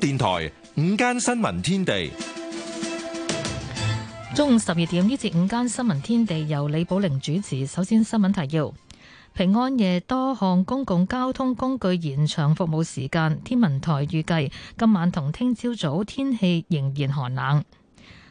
電台午間新聞天地，中午十二點，呢節午間新聞天地由李寶玲主持。首先新聞提要：平安夜多項公共交通工具延長服務時間。天文台預計今晚同聽朝早天氣仍然寒冷。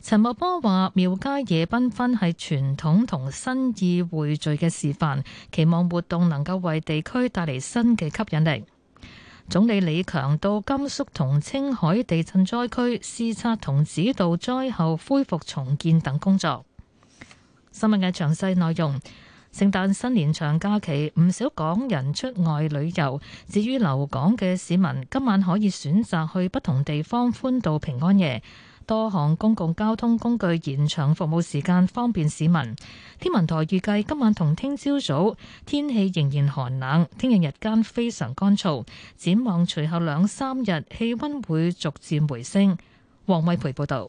陳茂波話：廟街夜繽紛係傳統同新意匯聚嘅示範，期望活動能夠為地區帶嚟新嘅吸引力。總理李強到甘肅同青海地震災區視察同指導災後恢復重建等工作。新聞嘅詳細內容。聖誕新年長假期，唔少港人出外旅遊，至於留港嘅市民，今晚可以選擇去不同地方歡度平安夜。多項公共交通工具延長服務時間，方便市民。天文台預計今晚同聽朝早，早天氣仍然寒冷，聽日日間非常乾燥。展望隨後兩三日氣温會逐漸回升。黃偉培報導。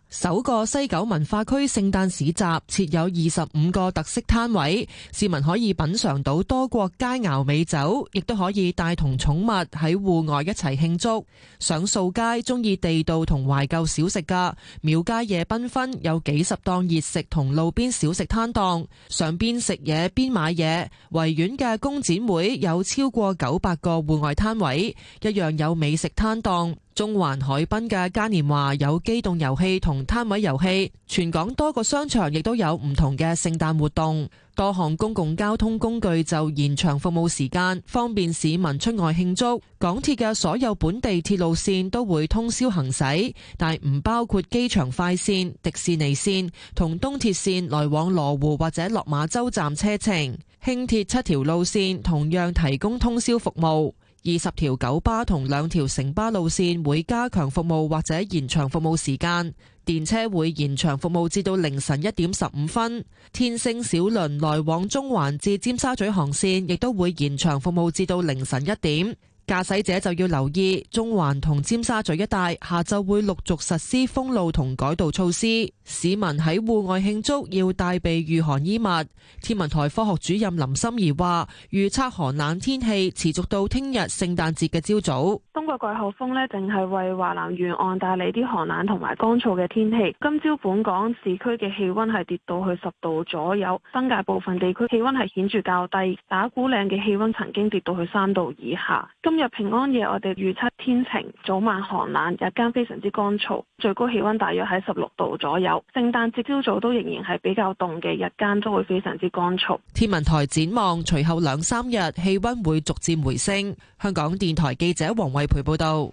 首個西九文化區聖誕市集設有二十五個特色攤位，市民可以品嘗到多國佳肴美酒，亦都可以帶同寵物喺戶外一齊慶祝。上掃街，中意地道同懷舊小食㗎，廟街夜繽紛，紛有幾十檔熱食同路邊小食攤檔，上邊食嘢邊買嘢。維園嘅工展會有超過九百個戶外攤位，一樣有美食攤檔。中環海濱嘅嘉年華有機動遊戲同攤位遊戲，全港多個商場亦都有唔同嘅聖誕活動。多項公共交通工具就延長服務時間，方便市民出外慶祝。港鐵嘅所有本地鐵路線都會通宵行駛，但唔包括機場快線、迪士尼線同東鐵線來往羅湖或者落馬洲站車程。輕鐵七條路線同樣提供通宵服務。二十條九巴同兩條城巴路線會加強服務或者延長服務時間，電車會延長服務至到凌晨一點十五分，天星小輪來往中環至尖沙咀航線亦都會延長服務至到凌晨一點。駕駛者就要留意，中環同尖沙咀一帶下晝會陸續實施封路同改道措施。市民喺戶外慶祝要帶備御寒衣物。天文台科學主任林心儀話，預測寒冷天氣持續到聽日聖誕節嘅朝早。冬季季候風呢，淨係為華南沿岸帶嚟啲寒冷同埋乾燥嘅天氣。今朝本港市區嘅氣溫係跌到去十度左右，新界部分地區氣溫係顯著較低。打鼓嶺嘅氣溫曾經跌到去三度以下。今日平安夜，我哋預測天晴，早晚寒冷，日間非常之乾燥，最高氣溫大約喺十六度左右。聖誕節朝早都仍然係比較凍嘅，日間都會非常之乾燥。天文台展望隨後兩三日氣溫會逐漸回升。香港電台記者王慧培報道，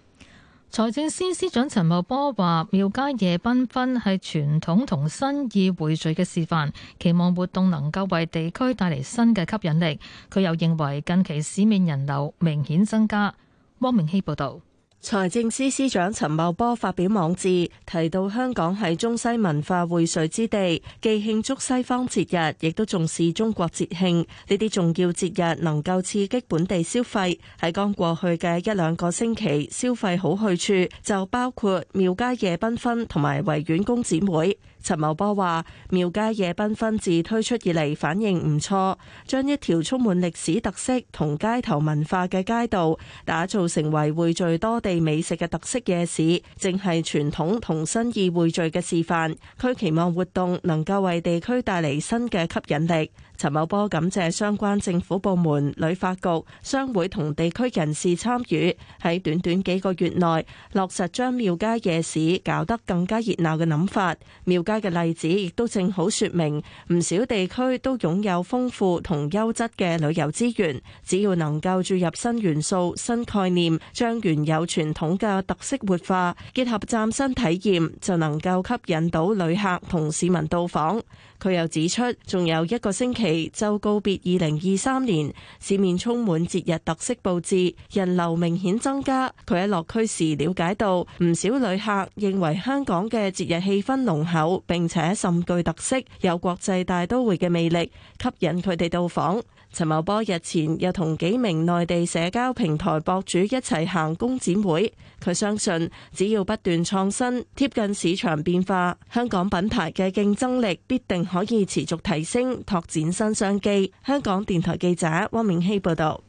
財政司司長陳茂波話：廟街夜繽紛係傳統同新意匯聚嘅示範，期望活動能夠為地區帶嚟新嘅吸引力。佢又認為近期市面人流明顯增加。汪明希報道。財政司司長陳茂波發表網誌，提到香港係中西文化薈萃之地，既慶祝西方節日，亦都重視中國節慶。呢啲重要節日能夠刺激本地消費。喺剛過去嘅一兩個星期，消費好去處就包括廟街夜繽紛同埋維園工展會。陳茂波話：廟街夜繽紛自推出以嚟反應唔錯，將一條充滿歷史特色同街頭文化嘅街道打造成為匯聚多地美食嘅特色夜市，正係傳統同新意匯聚嘅示範。佢期望活動能夠為地區帶嚟新嘅吸引力。陳茂波感謝相關政府部門、旅發局、商會同地區人士參與，喺短短幾個月內落實將廟街夜市搞得更加熱鬧嘅諗法。廟。家嘅例子亦都正好説明，唔少地區都擁有豐富同優質嘅旅遊資源，只要能夠注入新元素、新概念，將原有傳統嘅特色活化，結合嶄新體驗，就能夠吸引到旅客同市民到訪。佢又指出，仲有一個星期就告別二零二三年，市面充滿節日特色佈置，人流明顯增加。佢喺落區時了解到，唔少旅客認為香港嘅節日氣氛濃厚。並且甚具特色，有國際大都會嘅魅力，吸引佢哋到訪。陳茂波日前又同幾名內地社交平台博主一齊行工展會，佢相信，只要不斷創新，貼近市場變化，香港品牌嘅競爭力必定可以持續提升，拓展新商機。香港電台記者汪明希報道。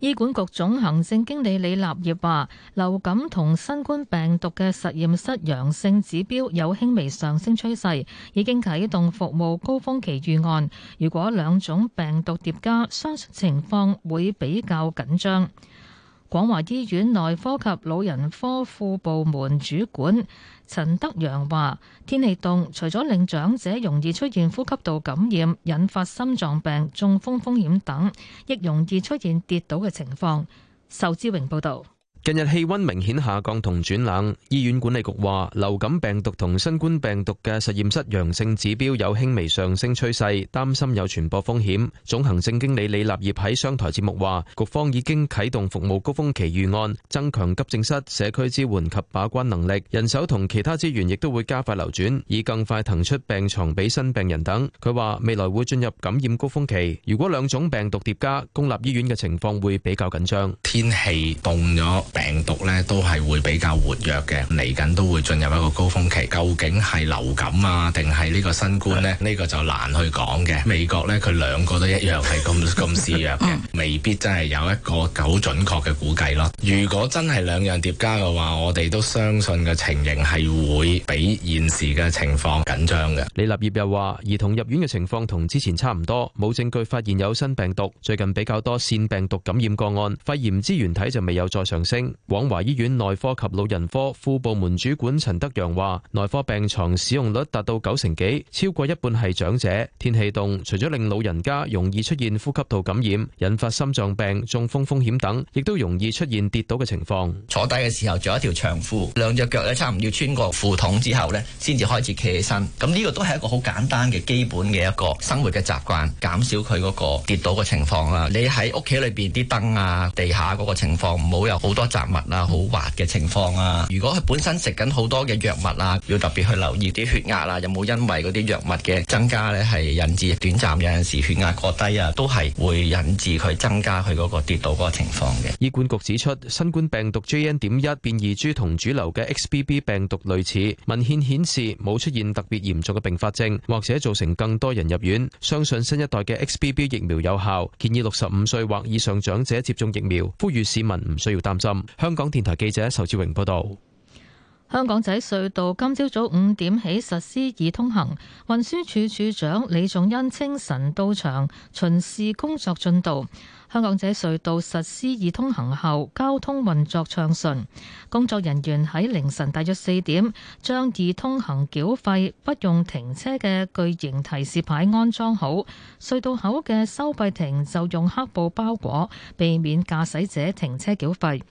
醫管局總行政經理李立業話：流感同新冠病毒嘅實驗室陽性指標有輕微上升趨勢，已經啟動服務高峰期預案。如果兩種病毒疊加，相信情況會比較緊張。廣華醫院內科及老人科副部門主管陳德陽話：天氣凍，除咗令長者容易出現呼吸道感染、引發心臟病、中風風險等，亦容易出現跌倒嘅情況。仇志榮報道。近日氣溫明顯下降同轉冷，醫院管理局話流感病毒同新冠病毒嘅實驗室陽性指標有輕微上升趨勢，擔心有傳播風險。總行政經理李立業喺商台節目話，局方已經啟動服務高峰期預案，增強急症室、社區支援及把關能力，人手同其他資源亦都會加快流轉，以更快騰出病床俾新病人等。佢話未來會進入感染高峰期，如果兩種病毒疊加，公立醫院嘅情況會比較緊張。天氣凍咗。病毒呢都係會比較活躍嘅，嚟緊都會進入一個高峰期。究竟係流感啊，定係呢個新冠呢，呢、呢個就難去講嘅。美國呢，佢兩個都一樣，係咁咁肆虐嘅，未必真係有一個好準確嘅估計咯。如果真係兩樣疊加嘅話，我哋都相信嘅情形係會比現時嘅情況緊張嘅。李立業又話，兒童入院嘅情況同之前差唔多，冇證據發現有新病毒。最近比較多腺病毒感染個案，肺炎支原體就未有再上升。廣華醫院內科及老人科副部門主管陳德陽話，內科病床使用率達到九成幾，超過一半係長者。天氣凍，除咗令老人家容易出現呼吸道感染、引發心臟病、中風風險等，亦都容易出現跌倒嘅情況。坐低嘅時候仲有一條長褲，兩隻腳咧差唔多穿過褲筒之後咧，先至開始企起身。咁呢個都係一個好簡單嘅基本嘅一個生活嘅習慣，減少佢嗰個跌倒嘅情況啦。你喺屋企裏邊啲燈啊、地下嗰個情況，唔好有好多。雜物啊，好滑嘅情況啊。如果佢本身食緊好多嘅藥物啊，要特別去留意啲血壓啊，有冇因為嗰啲藥物嘅增加咧，係引致短暫有陣時血壓過低啊，都係會引致佢增加佢嗰個跌倒嗰個情況嘅。醫管局指出，新冠病毒 JN. 點一變異株同主流嘅 XBB 病毒類似，文獻顯示冇出現特別嚴重嘅併發症，或者造成更多人入院。相信新一代嘅 XBB 疫苗有效，建議六十五歲或以上長者接種疫苗。呼籲市民唔需要擔心。香港電台記者仇志榮報道：香港仔隧道今朝早五點起實施易通行，運輸署署長李頌恩清晨到場巡視工作進度。香港仔隧道實施易通行後，交通運作暢順。工作人員喺凌晨大約四點，將易通行繳費不用停車嘅巨型提示牌安裝好，隧道口嘅收費亭就用黑布包裹，避免駕駛者停車繳費。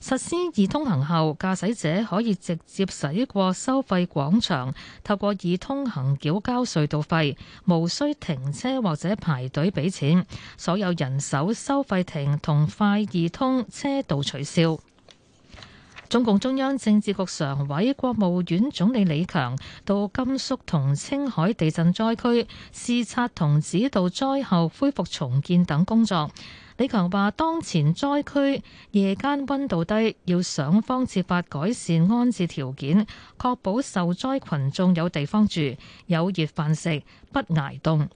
實施易通行後，駕駛者可以直接駛過收費廣場，透過易通行繳交隧道費，無需停車或者排隊俾錢。所有人手收費亭同快易通車道取消。中共中央政治局常委、國務院總理李強到甘肅同青海地震災區視察同指導災後恢復重建等工作。李強話：當前災區夜間溫度低，要想方設法改善安置條件，確保受災群眾有地方住、有熱飯食、不挨凍。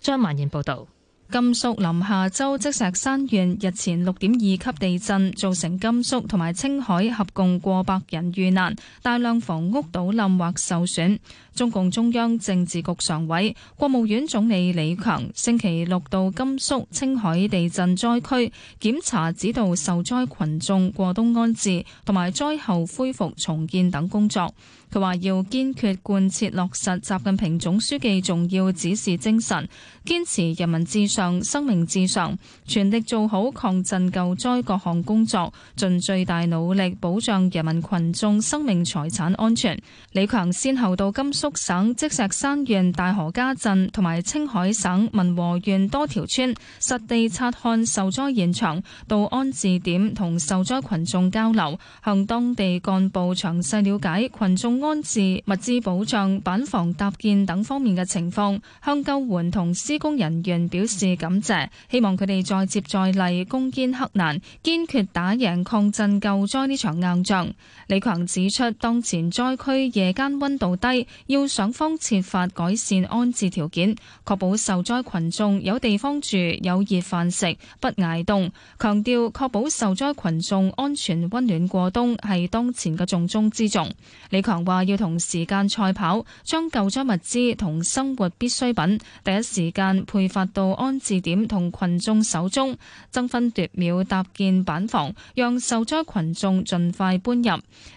張曼燕報道。甘肅臨夏州積石山縣日前六點二級地震造成甘肅同埋青海合共過百人遇難，大量房屋倒冧或受損。中共中央政治局常委、國務院總理李強星期六到甘肅、青海地震災區檢查指導受災群眾過冬安置同埋災後恢復重建等工作。佢話要堅決貫徹落實習近平總書記重要指示精神，堅持人民至上、生命至上，全力做好抗震救災各項工作，盡最大努力保障人民群眾生命財產安全。李強先後到甘肅省積石山縣大河家鎮同埋青海省民和縣多條村，實地察看受災現場，到安置點同受災群眾交流，向當地幹部詳細了解群眾安置、物資保障、板房搭建等方面嘅情況，向救援同施工人員表示感謝，希望佢哋再接再厲，攻堅克難，堅決打贏抗震救災呢場硬仗。李強指出，當前災區夜間温度低，要想方設法改善安置條件，確保受災群眾有地方住、有熱飯食、不捱凍。強調確保受災群眾安全温暖過冬係當前嘅重中之重。李強。話要同時間賽跑，將救災物資同生活必需品第一時間配發到安置點同群眾手中，爭分奪秒搭建板房，讓受災群眾盡快搬入。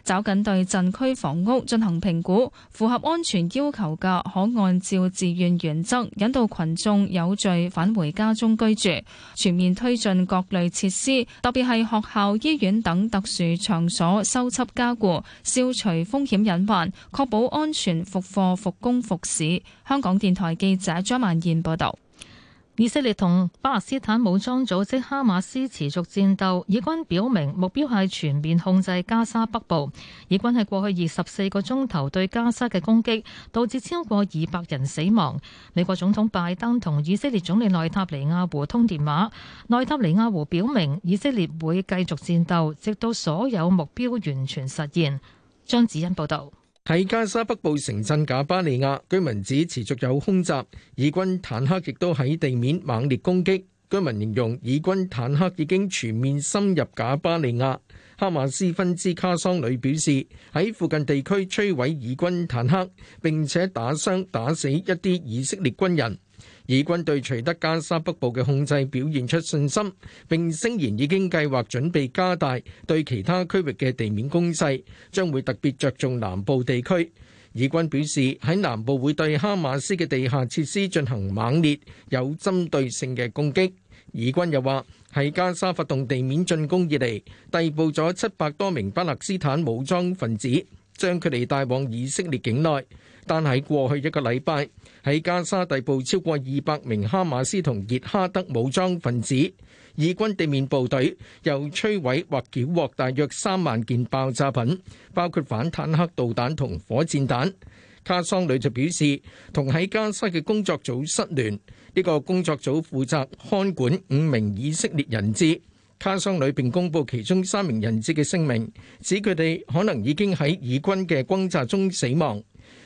抓緊對震區房屋進行評估，符合安全要求嘅可按照自願原則引導群眾有序返回家中居住。全面推進各類設施，特別係學校、醫院等特殊場所修葺加固，消除風險引。確保安全復課、復工、復市。香港電台記者張曼燕報道。以色列同巴勒斯坦武裝組織哈馬斯持續戰鬥，以軍表明目標係全面控制加沙北部。以軍喺過去二十四個鐘頭對加沙嘅攻擊，導致超過二百人死亡。美國總統拜登同以色列總理內塔尼亞胡通電話，內塔尼亞胡表明以色列會繼續戰鬥，直到所有目標完全實現。張子欣報道，喺加沙北部城鎮賈巴利亞，居民指持續有空襲，以軍坦克亦都喺地面猛烈攻擊。居民形容以軍坦克已經全面深入賈巴利亞。哈馬斯分支卡桑旅表示，喺附近地區摧毀以軍坦克，並且打傷打死一啲以色列軍人。以軍對取得加沙北部嘅控制表現出信心，並聲言已經計劃準備加大對其他區域嘅地面攻勢，將會特別着重南部地區。以軍表示，喺南部會對哈馬斯嘅地下設施進行猛烈、有針對性嘅攻擊。以軍又話，喺加沙發動地面進攻以嚟，逮捕咗七百多名巴勒斯坦武裝分子，將佢哋帶往以色列境內。但喺過去一個禮拜，喺加沙逮捕超過二百名哈馬斯同熱哈德武裝分子。以軍地面部隊又摧毀或繳獲大約三萬件爆炸品，包括反坦克導彈同火箭彈。卡桑旅就表示，同喺加沙嘅工作組失聯。呢個工作組負責看管五名以色列人質。卡桑旅並公佈其中三名人質嘅聲明，指佢哋可能已經喺以軍嘅轟炸中死亡。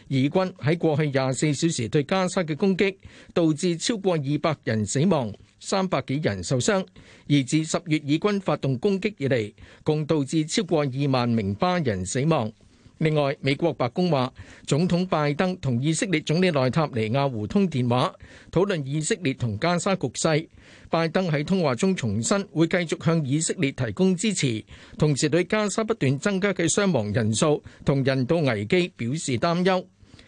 以軍喺過去廿四小時對加沙嘅攻擊，導致超過二百人死亡，三百幾人受傷。而至十月，以軍發動攻擊以嚟，共導致超過二萬名巴人死亡。另外，美國白宮話，總統拜登同以色列總理內塔尼亞胡通電話，討論以色列同加沙局勢。拜登喺通話中重申會繼續向以色列提供支持，同時對加沙不斷增加嘅傷亡人數同人道危機表示擔憂。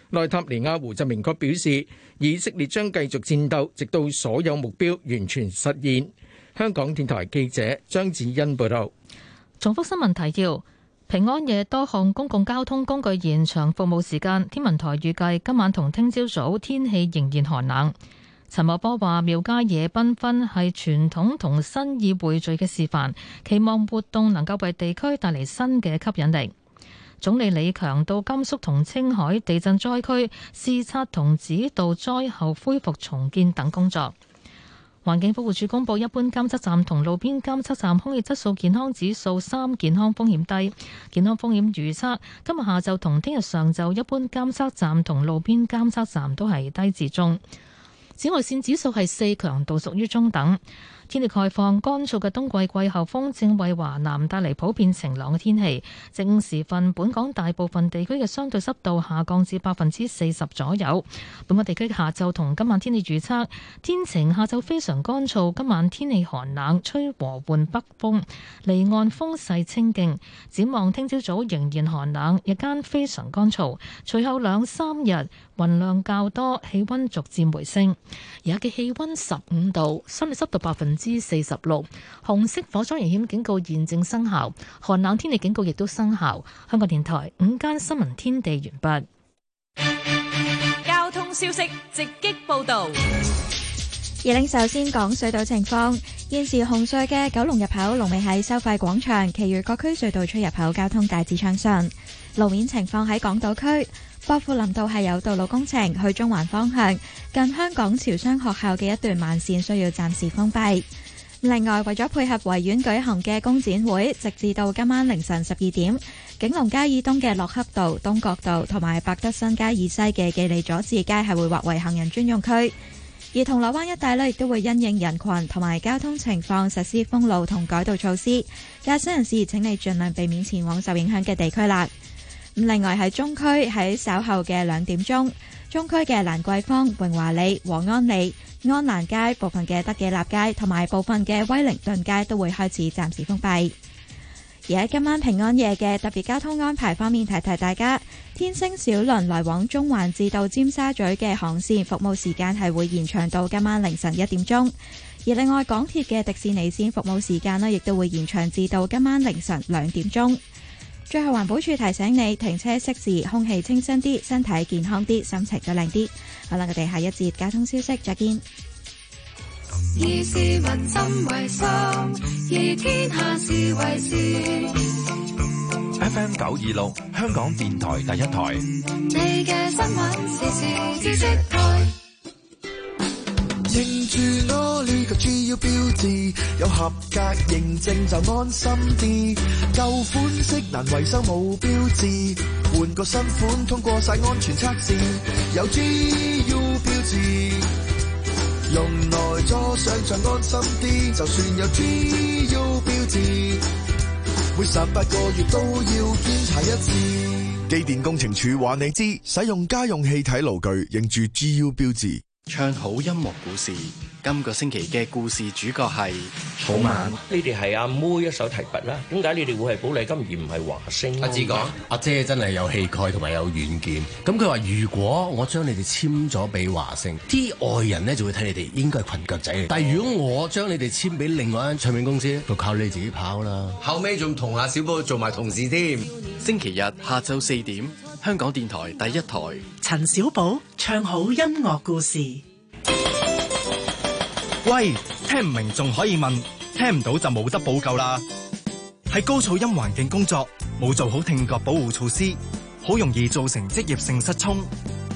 內塔尼亞胡就明確表示，以色列將繼續戰鬥，直到所有目標完全實現。香港電台記者張子欣報道。重復新聞提要：平安夜多項公共交通工具延長服務時間。天文台預計今晚同聽朝早天氣仍然寒冷。陳茂波話：廟街夜繽紛係傳統同新意匯聚嘅示範，期望活動能夠為地區帶嚟新嘅吸引力。總理李強到甘肅同青海地震災區視察同指導災後恢復重建等工作。環境保護署公布，一般監測站同路邊監測站空氣質素健康指數三，健康風險低。健康風險預測今日下晝同聽日上晝，一般監測站同路邊監測站都係低至中。紫外綫指數係四，強度屬於中等。天氣概況，乾燥嘅冬季季候風正為華南帶嚟普遍晴朗嘅天氣。正午時分，本港大部分地區嘅相對濕度下降至百分之四十左右。本港地區下晝同今晚天氣預測：天晴，下晝非常乾燥，今晚天氣寒冷，吹和緩北風，離岸風勢清勁。展望聽朝早仍然寒冷，日間非常乾燥。隨後兩三日雲量較多，氣温逐漸回升。而家嘅氣温十五度，相對濕度百分之四十六，46，紅色火災危險警告現正生效，寒冷天氣警告亦都生效。香港電台午間新聞天地完畢。交通消息直擊報道。而領首先講隧道情況，現時紅隧嘅九龍入口龍尾喺收費廣場，其餘各區隧道出入口交通大致暢順，路面情況喺港島區。薄扶林道係有道路工程，去中環方向近香港潮商學校嘅一段慢線需要暫時封閉。另外，為咗配合維園舉行嘅工展會，直至到今晚凌晨十二點，景隆街以東嘅洛克道、東角道同埋百德新街以西嘅紀利佐治街係會劃為行人專用區。而銅鑼灣一帶呢，亦都會因應人群同埋交通情況實施封路同改道措施。駕駛人士請你盡量避免前往受影響嘅地區啦。另外喺中區，喺稍後嘅兩點鐘，中區嘅蘭桂坊、榮華里、和安里、安蘭街、部分嘅德己立街同埋部分嘅威靈頓街都會開始暫時封閉。而喺今晚平安夜嘅特別交通安排方面，提提大家，天星小輪來往中環至到尖沙咀嘅航線服務時間係會延長到今晚凌晨一點鐘。而另外港鐵嘅迪士尼線服務時間呢，亦都會延長至到今晚凌晨兩點鐘。最後環保處提醒你停車熄匙，空氣清新啲，身體健康啲，心情就靚啲。好啦，我哋下一節交通消息再見。FM 九二六，香港電台第一台。個 G U 標誌有合格認證就安心啲，舊款式難維修冇標誌，換個新款通過晒安全測試有 G U 標誌，用內座上再安心啲。就算有 G U 標誌，每十八個月都要檢查一次。機電工程署話你知，使用家用氣體爐具認住 G U 標誌。唱好音樂故事，今個星期嘅故事主角係草蜢。慢你哋係阿妹一手提拔啦。點解你哋會係寶麗金而唔係華星？阿志、啊、哥，阿、啊、姐真係有氣概同埋有遠見。咁佢話如果我將你哋簽咗俾華星，啲外人咧就會睇你哋應該係裙腳仔。但係如果我將你哋簽俾另外一間唱片公司，就靠你自己跑啦。後尾仲同阿小布做埋同事添。星期日下晝四點。香港電台第一台，陳小寶唱好音樂故事。喂，聽唔明仲可以問，聽唔到就冇得補救啦。喺高噪音環境工作，冇做好聽覺保護措施，好容易造成職業性失聰。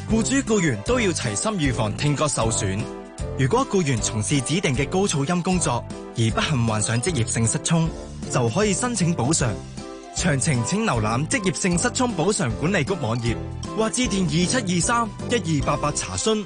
僱主僱員都要齊心預防聽覺受損。如果僱員從事指定嘅高噪音工作，而不幸患上職業性失聰，就可以申請補償。詳情請瀏覽職業性失聰補償管理局網頁，或致電二七二三一二八八查詢。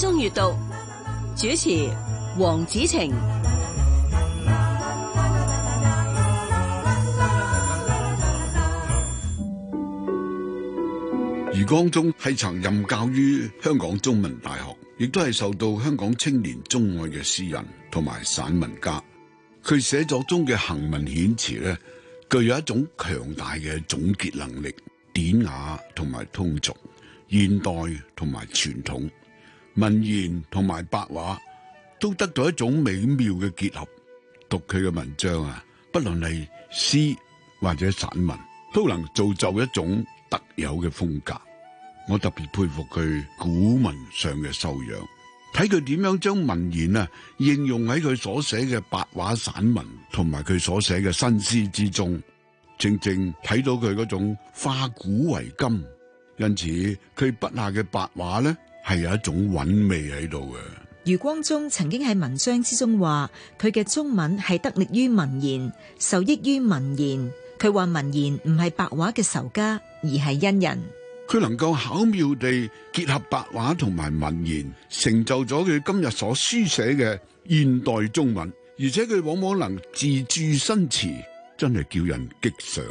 中閱讀主持黃子晴。余光中係曾任教於香港中文大學，亦都係受到香港青年鍾愛嘅詩人同埋散文家。佢寫作中嘅行文遣詞呢，具有一種強大嘅總結能力，典雅同埋通俗，現代同埋傳統。文言同埋白話都得到一種美妙嘅結合，讀佢嘅文章啊，不論係詩或者散文，都能造就一種特有嘅風格。我特別佩服佢古文上嘅修養，睇佢點樣將文言啊應用喺佢所寫嘅白話散文同埋佢所寫嘅新詩之中，正正睇到佢嗰種化古為今。因此，佢筆下嘅白話咧。係有一種韻味喺度嘅。余光中曾經喺文章之中話，佢嘅中文係得力於文言，受益於文言。佢話文言唔係白話嘅仇家，而係恩人。佢能夠巧妙地結合白話同埋文言，成就咗佢今日所書寫嘅現代中文。而且佢往往能自注新詞，真係叫人激賞。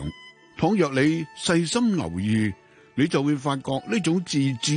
倘若你細心留意，你就會發覺呢種自注。